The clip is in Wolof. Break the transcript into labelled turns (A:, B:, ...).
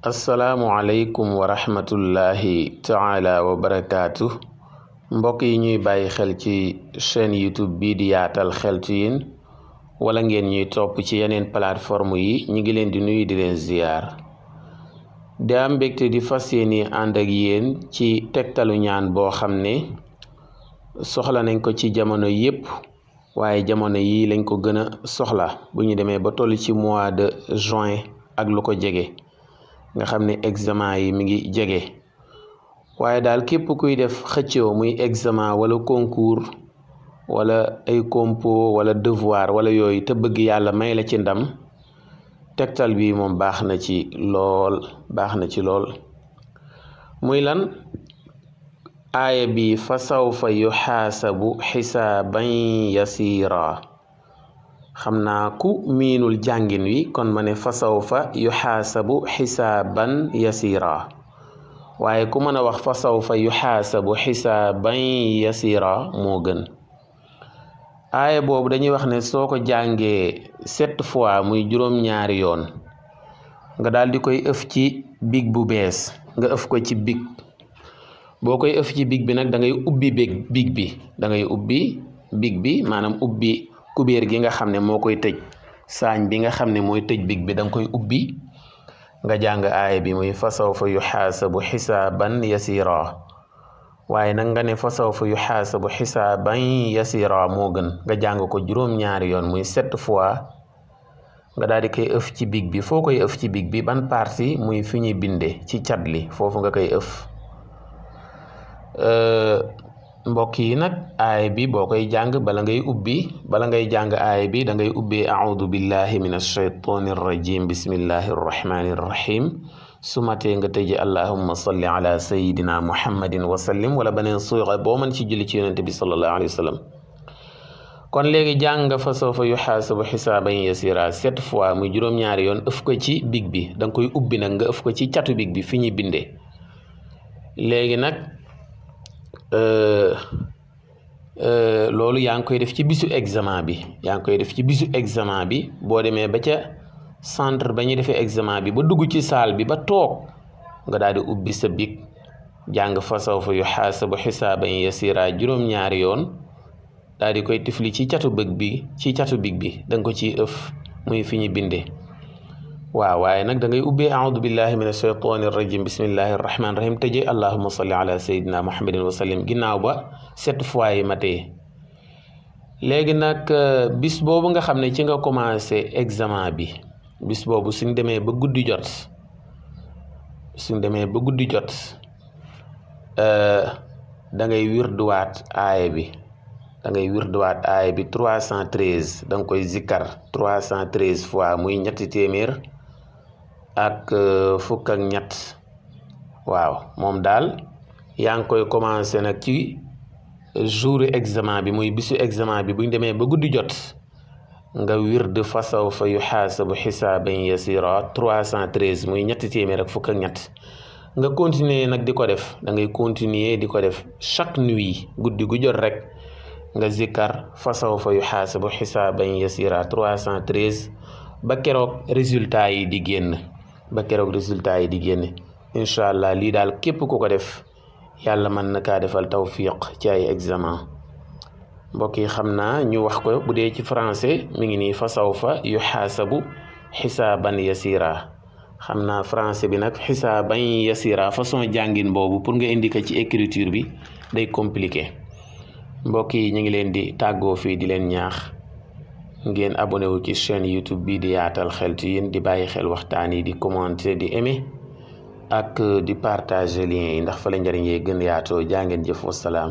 A: asalaamualeykum wa rahmatullahi taala wa barakaatu mbokk yi ñuy bàyyi xel ci chaîne youtube bii di yaatal xeltu yin wala ngeen ñuy topp ci yeneen plateforme yi ñu ngi leen di nuyu di leen ziyaar di am di fas yéeni ànd ak yéen ci tegtalu ñaan boo xam ne soxla nañ ko ci jamono yépp waaye jamono yi lañ ko gën a soxla buñu demee ba toll ci mois de juin ak lu ko jege nga xam ne examen yi mi ngi jege waaye daal képp kuy def xëccoo muy examen wala concours wala ay compo wala devoir wala yooyu te bëgg yàlla may la ci ndam tegtal bi moom baax na ci lool baax na ci lool muy lan aaya bi fa sawfa yuxaasabu xisaaban yasiira xam naa ku miinul jàngin wi kon ma ne fasawfa yuxaasabu xisaaban yasiira waaye ku mën a wax fasaw fa fasawfa yuxaasabu xisaaban yasiira moo gën aaya boobu dañuy wax ne soo ko jàngee sept fois muy juróom-ñaari yoon nga daldi koy ëf ci big bu bees nga ëf ko ci big boo koy ëf ci big bi nag da ngay ubbi big bi da ngay ubbi big bi maanaam ubbi kubéer gi nga xam ne moo koy tëj saañ bi nga xam ne mooy tëj big bi danga koy ubbi nga jàng aaya bi muy fasaw fa yu xaasabu xisaaban yasira waaye nag nga ne fasaw yu xaasabu xisaaban yasira moo gën nga jàng ko juróom-ñaari yoon muy sept fois nga daal di koy ëf ci big bi foo koy ëf ci big bi ban partie muy fi ñuy binde ci cat li foofu nga koy ëf mbokk yi nag aay bi boo koy jàng bala ngay ubbi bala ngay jàng aay bi da ngay ubbee audu billahi min alshaytaani arrajim bismillahi arrahmani arrahim su matee nga tëje allahumma salli ala sayidina muhammadin wa sallim wala beneen suuxa boo mën ci julli ci yonente bi sallallahu alayhi wa sallam kon léegi jàng nga fa sawfa yuxaasabu xisaaban yasira sept fois muy juróom-ñaari yoon ëf ko ci big bi danga koy ubbi nag nga ëf ko ci catu big bi fi ñuy bindee léegi nag Euh, euh, loolu yaa ngi koy def ci bisu examen bi yaa ngi koy def ci bisu examen bi boo demee ba ca centre ba ñuy defee examen bi ba dugg ci saal bi ba toog nga daal di ubbi sa bic jàng fa sawfa yu xaasabu xisaaban yasiraa juróom-ñaari yoon daal di koy tifli ci catu bëgg bi ci catu bic bi danga ko ci ëf muy fi ñu bindee waaw waaye nag da ngay ubbee aoudu billahi min ashaytani irrajim bismillahi irrahmani irrahim tëjee allahuma salli ala sayidina muhammadin wa sallim ginnaaw ba sept fois yi ma tey léegi nag euh, bis boobu nga xam ne ci nga commencé examen bi bis boobu suñ demee ba guddi jot suñ demee ba guddi jot euh, da ngay wirduwaat aaya bi da ngay wirduwaat aaya bi 313 da danga koy cent 313 fois muy ñetti téeméer ak euh, fukk ak ñett waaw moom daal yaa ngi koy commencé nag ci jour examen bi muy bisu examen bi buñ demee ba guddi jot nga wird fasaw fa yu xaasabu xisaaban yasira 313 muy ñetti téeméer fukk ñett nga continuer nag di ko def da ngay continuer di ko def chaque nuit guddi gu jot rek nga zikkar fasaw fa yu xaasabu xisaaban yasira 313 ba keroog résultat yi di génn ba keroog résultat yi di génne incha allah lii daal képp ku ko def yàlla man na kaa defal tawfiq ci ay examen mbokk yi xam naa ñu wax ko bu dee ci français mi ngi nii fa sawfa yu xaasabu xisaaban yasira xam naa français bi nag xisaaban yasira façon jàngin boobu pour nga indi ko ci écriture bi day compliqué mbokk yi ñu ngi leen di tàggoo fii di leen ñaax ngeen abonné wu ci chaîne YouTube bi di yaatal xeltu yéen di bàyyi xel waxtaan yi di commenter di aimer ak di partager lien yi ndax fa la njëriñ yee gën yaatoo jaa ngeen jëf wasalaam